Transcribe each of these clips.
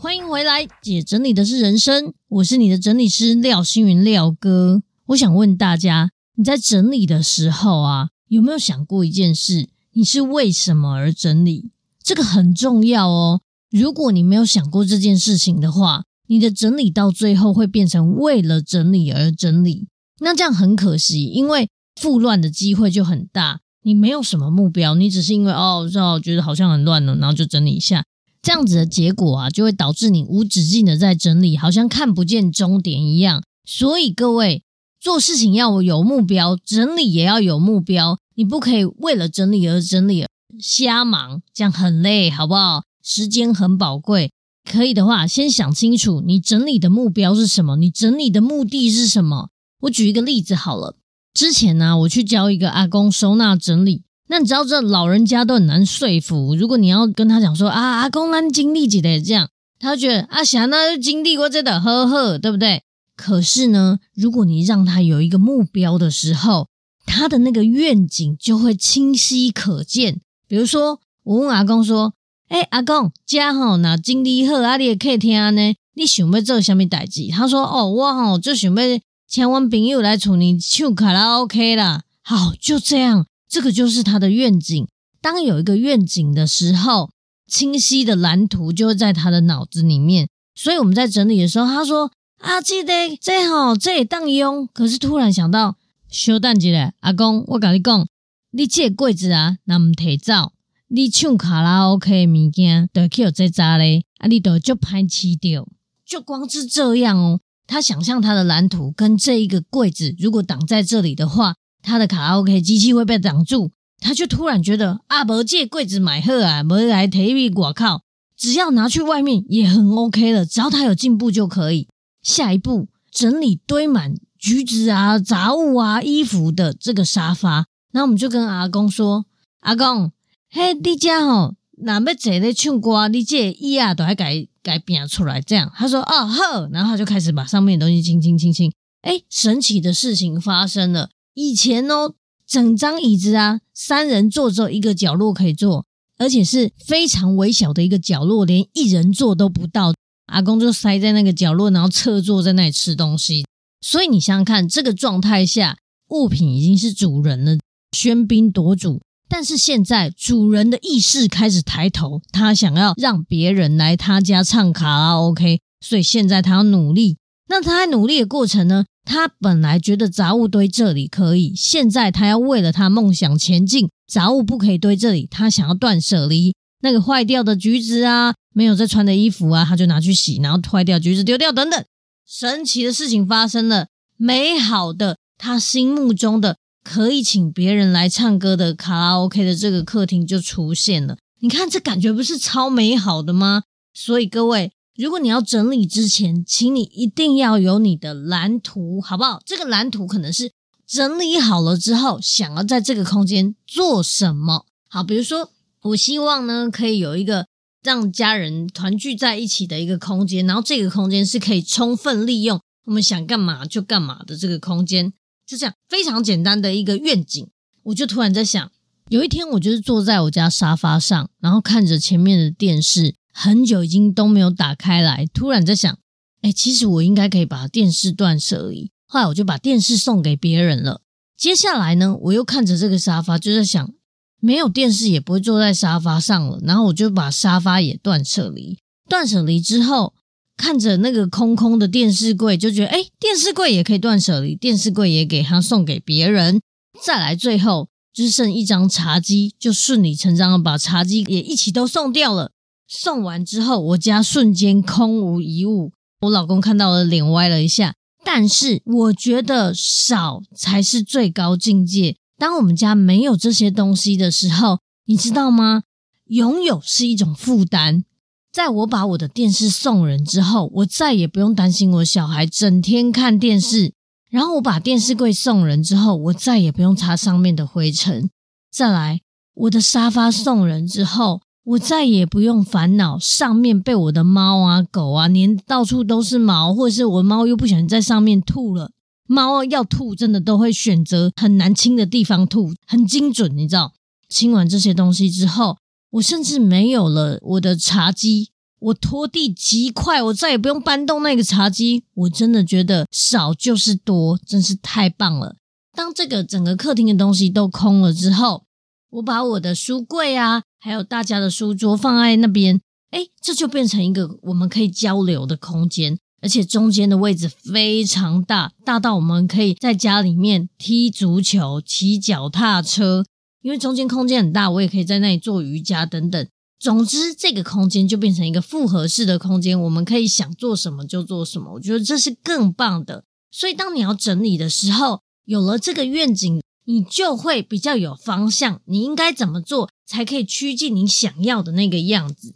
歡迎回來，姐整理的是人生，我是你的整理師廖星雲廖哥。我想問大家，你在整理的時候啊，有沒有想過一件事？你是為什麼而整理？這個很重要哦。如果你沒有想過這件事情的話，你的整理到最後會變成為了整理而整理，那這樣很可惜，因為複亂的機會就很大。你沒有什麼目標，你只是因為哦哦覺得好像很亂了，然後就整理一下。這樣子的結果啊，就會導致你無止境的在整理，好像看不見終點一樣。所以各位做事情要有目標，整理也要有目標。你不可以為了整理而整理，瞎忙，這樣很累，好不好？時間很寶貴，可以的話，先想清楚你整理的目標是什麼，你整理的目的是什麼。我舉一個例子好了，之前呢，啊，我去教一個阿公收納整理。那你只要知道這老人家都很難說服，如果你要跟他講說啊，阿公，那經歷幾的這樣，他就覺得啊，想到就經歷過這的，呵呵，對不對？可是呢，如果你讓他有一個目標的時候，他的那個願景就會清晰可見。比如說，我問阿公說：“誒，欸，阿公，家吼那經歷後，阿弟也客廳呢，你想要做什麼代志？”他說：“哦，我吼就想要請我朋友來厝裡唱卡拉 OK 啦。”好，就這樣。這個就是他的願景。當有一個願景的時候，清晰的藍圖就會在他的腦子裡面。所以我們在整理的時候，他說：“啊，這咧，這齁，這也當用。這個哦，這個可用”可是突然想到，小等一下咧，阿公，我跟你講，你這櫃子啊，那麼提早，你唱卡拉 OK 的物件都給我這扎嘞，啊，你都就拍起掉，就光是這樣哦。他想象他的藍圖跟這一個櫃子，如果擋在這裡的話。他的卡拉 OK 機器會被擋住，他就突然覺得阿伯借櫃子買貨啊，沒來 TV 掛靠，只要拿去外面也很 OK 了。只要他有進步就可以。下一步整理堆滿橘子啊、雜物啊、衣服的這個沙發，然後我們就跟阿公說：“阿公，嘿，你家哦，哪要坐的唱歌？你這衣啊都還改改變出來這樣？”他說：“哦呵。”然後他就開始把上面的東西清清清清。哎，神奇的事情發生了。以前哦，整張椅子啊，三人坐只有一個角落可以坐，而且是非常微小的一個角落，連一人坐都不到。阿公就塞在那個角落，然後側坐在那裡吃東西。所以你想想看，這個狀態下，物品已經是主人了，喧賓奪主。但是現在主人的意識開始抬頭，他想要讓別人來他家唱卡拉 OK，所以現在他要努力。那他在努力的過程呢，他本來覺得雜物堆這裡可以，現在他要為了他夢想前進，雜物不可以堆這裡。他想要斷舍離，那個壞掉的橘子啊，沒有在穿的衣服啊，他就拿去洗，然後壞掉橘子丟掉等等。神奇的事情發生了，美好的他心目中的可以請別人來唱歌的卡拉 OK 的這個客廳就出現了。你看這感覺不是超美好的嗎？所以各位。如果你要整理之前，請你一定要有你的藍圖，好不好？這個藍圖可能是整理好了之後，想要在這個空間做什麼？好，比如說，我希望呢，可以有一個讓家人團聚在一起的一個空間，然後這個空間是可以充分利用我們想幹嘛就幹嘛的這個空間。就這樣，非常簡單的一個願景。我就突然在想，有一天我就是坐在我家沙發上，然後看着前面的電視。很久已經都沒有打開來，突然在想，哎、欸，其實我應該可以把電視斷捨離。後來我就把電視送給別人了。接下來呢，我又看着這個沙發，就在想，沒有電視也不會坐在沙發上了。然後我就把沙發也斷捨離。斷捨離之後，看着那個空空的電視櫃，就覺得，哎、欸，電視櫃也可以斷捨離。電視櫃也給他送給別人。再來，最後只剩一張茶幾，就順理成章的把茶几也一起都送掉了。送完之後，我家瞬間空無一物。我老公看到了，臉歪了一下。但是我覺得少才是最高境界。當我們家沒有這些東西的時候，你知道嗎？擁有是一種負擔。在我把我的電視送人之後，我再也不用擔心我小孩整天看電視。然後我把電視櫃送人之後，我再也不用擦上面的灰塵。再來，我的沙發送人之後，我再也不用煩惱上面被我的貓啊、狗啊粘到處都是毛，或者是我貓又不想在上面吐了。貓要吐真的都會選擇很難清的地方吐，很精準，你知道？清完這些東西之後，我甚至沒有了我的茶幾，我拖地極快，我再也不用搬動那個茶几。我真的覺得少就是多，真是太棒了。當這個整個客廳的東西都空了之後。我把我的書櫃啊，還有大家的書桌放在那邊，哎，這就變成一個我們可以交流的空間，而且中間的位置非常大，大到我們可以在家裡面踢足球、騎腳踏車，因為中間空間很大，我也可以在那裡做瑜伽等等。總之，這個空間就變成一個複合式的空間，我們可以想做什麼就做什麼。我覺得這是更棒的。所以，當你要整理的時候，有了這個願景。你就會比較有方向，你應該怎麼做才可以趨近你想要的那個樣子？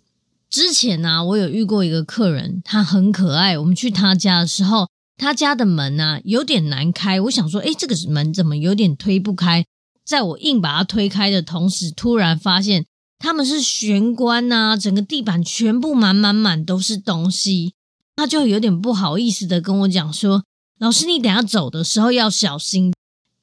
之前呢、啊，我有遇過一個客人，他很可愛。我們去他家的時候，他家的門呢、啊、有點難開。我想說，哎，這個門怎麼有點推不開？在我硬把它推開的同時，突然發現他們是玄關吶、啊，整個地板全部滿滿滿都是東西。他就有點不好意思的跟我講說：“老師，你等一下走的時候要小心。”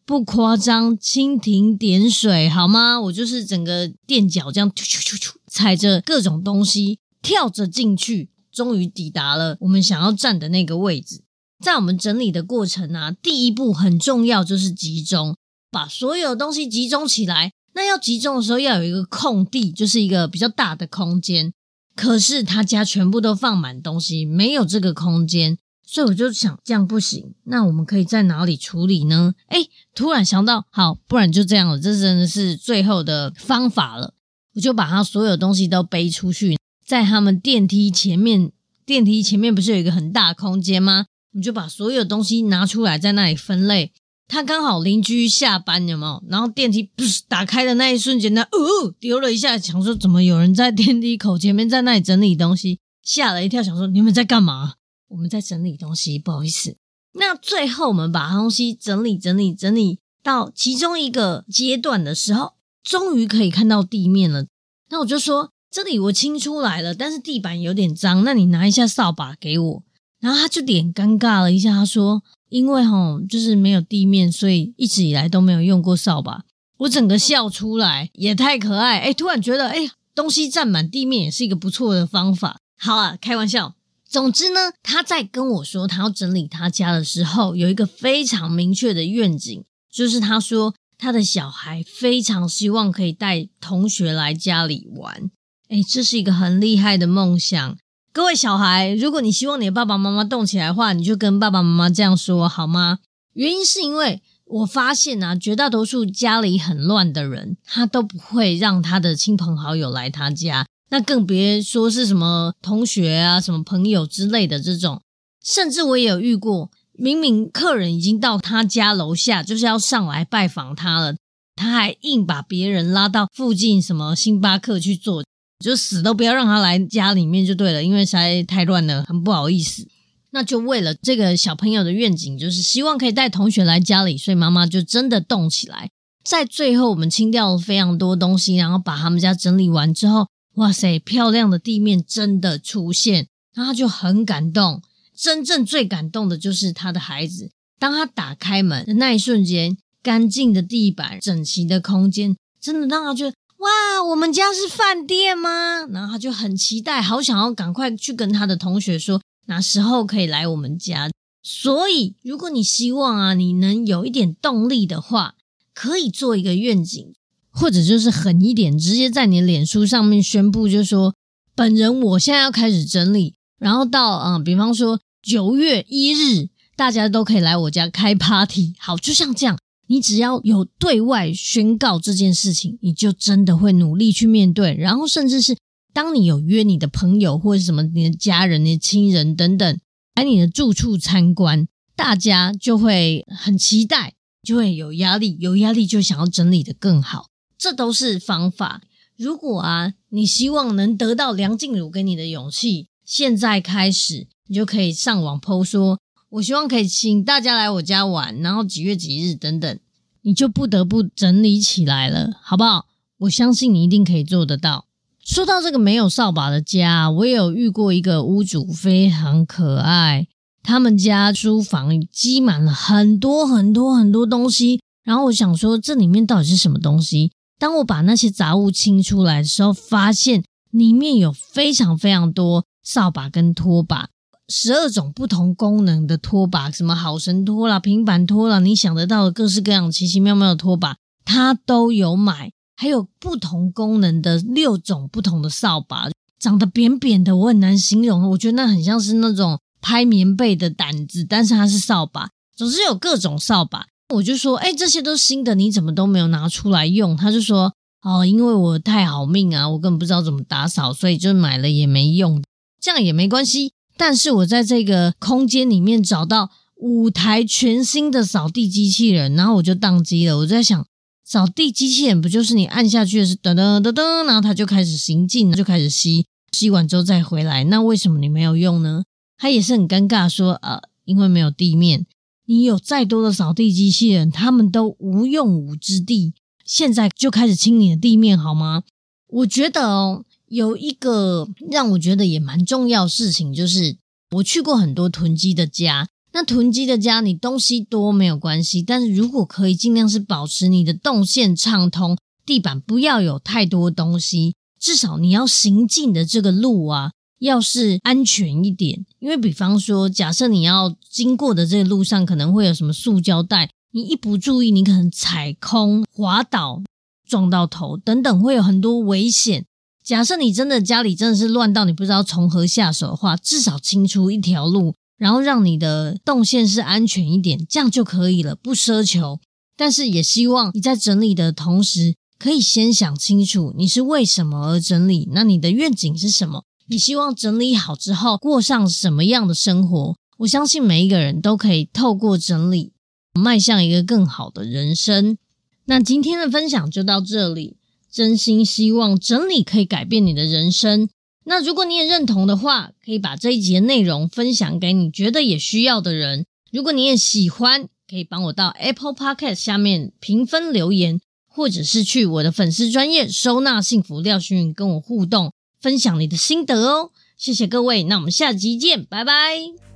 不誇張，蜻蜓點水好嗎？我就是整個墊腳這樣，咻咻咻咻，踩着各種東西跳着進去，終於抵達了我們想要站的那個位置。在我們整理的過程啊，第一步很重要，就是集中，把所有的東西集中起來。那要集中的時候，要有一個空地，就是一個比較大的空間。可是他家全部都放滿東西，沒有這個空間。所以我就想，這樣不行，那我們可以在哪裡處理呢？哎，突然想到，好，不然就這樣了，這真的是最後的方法了。我就把他所有東西都背出去，在他們電梯前面，電梯前面不是有一個很大的空間嗎？我們就把所有東西拿出來，在那裡分類。他剛好鄰居下班，有沒有？然後電梯不是打開的那一瞬間，那、呃、哦，丟了一下，想說怎麼有人在電梯口前面在那裡整理東西，嚇了一跳，想說你們在幹嘛？我們在整理東西，不好意思。那最後我們把東西整理整理整理到其中一個階段的時候，終於可以看到地面了。那我就說，這裡我清出來了，但是地板有點髒，那你拿一下掃把給我。然後他就臉尷尬了一下，他說：“因為齁，就是沒有地面，所以一直以來都沒有用過掃把。”我整個笑出來，嗯、也太可愛。哎、欸，突然覺得，哎、欸，東西占滿地面也是一個不錯的方法。好啊，開玩笑。總之呢，他在跟我說他要整理他家的時候，有一個非常明確的願景，就是他說他的小孩非常希望可以帶同學來家裡玩。哎、欸，這是一個很厲害的夢想。各位小孩，如果你希望你的爸爸媽媽動起來的話，你就跟爸爸媽媽這樣說，好嗎？原因是因為我發現啊，絕大多數家裡很亂的人，他都不會讓他的親朋好友來他家。那更別說是什麼同學啊、什麼朋友之類的這種，甚至我也有遇過，明明客人已經到他家樓下，就是要上來拜訪他了，他還硬把別人拉到附近什麼星巴克去坐，就死都不要讓他來家裡面就對了，因為實在太亂了，很不好意思。那就為了這個小朋友的願景，就是希望可以帶同學來家裡，所以媽媽就真的動起來，在最後我們清掉了非常多東西，然後把他們家整理完之後。哇塞！漂亮的地面真的出現，然後他就很感動。真正最感動的就是他的孩子。當他打開門的那一瞬間，乾淨的地板、整齊的空間，真的讓他覺得哇，我們家是飯店嗎？然後他就很期待，好想要趕快去跟他的同學說，哪時候可以來我們家。所以，如果你希望啊，你能有一點動力的話，可以做一個願景。或者就是狠一點，直接在你的臉書上面宣布，就說本人我現在要開始整理，然後到啊、呃，比方說九月一日，大家都可以來我家開 party。好，就像這樣，你只要有對外宣告這件事情，你就真的會努力去面對。然後，甚至是當你有約你的朋友或者什麼你的家人、你的親人等等來你的住處參觀，大家就會很期待，就會有壓力，有壓力就想要整理得更好。這都是方法。如果啊，你希望能得到梁靜茹給你的勇氣，現在開始你就可以上網 PO 說，我希望可以請大家來我家玩，然後幾月幾日等等，你就不得不整理起來了，好不好？我相信你一定可以做得到。說到這個沒有掃把的家，我也有遇過一個屋主非常可愛，他們家書房積滿了很多很多很多東西，然後我想說，這裡面到底是什麼東西？當我把那些雜物清出來的時候，發現裡面有非常非常多掃把跟拖把，十二種不同功能的拖把，什麼好神拖啦、平板拖啦，你想得到的各式各樣奇奇妙妙的拖把，它都有買。還有不同功能的六種不同的掃把，長得扁扁的，我很難形容。我覺得那很像是那種拍棉被的撣子，但是它是掃把，總是有各種掃把。我就說，哎、欸，這些都是新的，你怎麼都沒有拿出來用？他就說，哦，因為我太好命啊，我根本不知道怎麼打掃，所以就買了也沒用，這樣也沒關係。但是我在這個空間裡面找到五台全新的掃地機器人，然後我就當機了。我在想，掃地機器人不就是你按下去是噔噔噔噔，然後它就開始行進，就開始吸，吸完之後再回來。那為什麼你沒有用呢？他也是很尷尬，說，呃，因為沒有地面。你有再多的掃地機器人，他們都無用武之地。現在就開始清理地面好嗎？我覺得哦，有一個讓我覺得也蠻重要的事情，就是我去過很多囤積的家。那囤積的家，你東西多沒有關係，但是如果可以盡量是保持你的動線暢通，地板不要有太多東西，至少你要行進的這個路啊。要是安全一點，因為比方說，假設你要經過的這個路上可能會有什麼塑膠袋，你一不注意，你可能踩空、滑倒、撞到頭等等，會有很多危險。假設你真的家裡真的是亂到你不知道從何下手的話，至少清出一條路，然後讓你的動線是安全一點，這樣就可以了，不奢求。但是也希望你在整理的同時，可以先想清楚你是為什麼而整理，那你的願景是什麼？你希望整理好之後過上什麼樣的生活？我相信每一個人都可以透過整理邁向一個更好的人生。那今天的分享就到這裡，真心希望整理可以改變你的人生。那如果你也認同的話，可以把這一集的內容分享給你覺得也需要的人。如果你也喜歡，可以幫我到 Apple Podcast 下面評分留言，或者是去我的粉絲專頁收納幸福廖心筠跟我互動。分享你的心得哦，謝謝各位，那我們下集見，拜拜。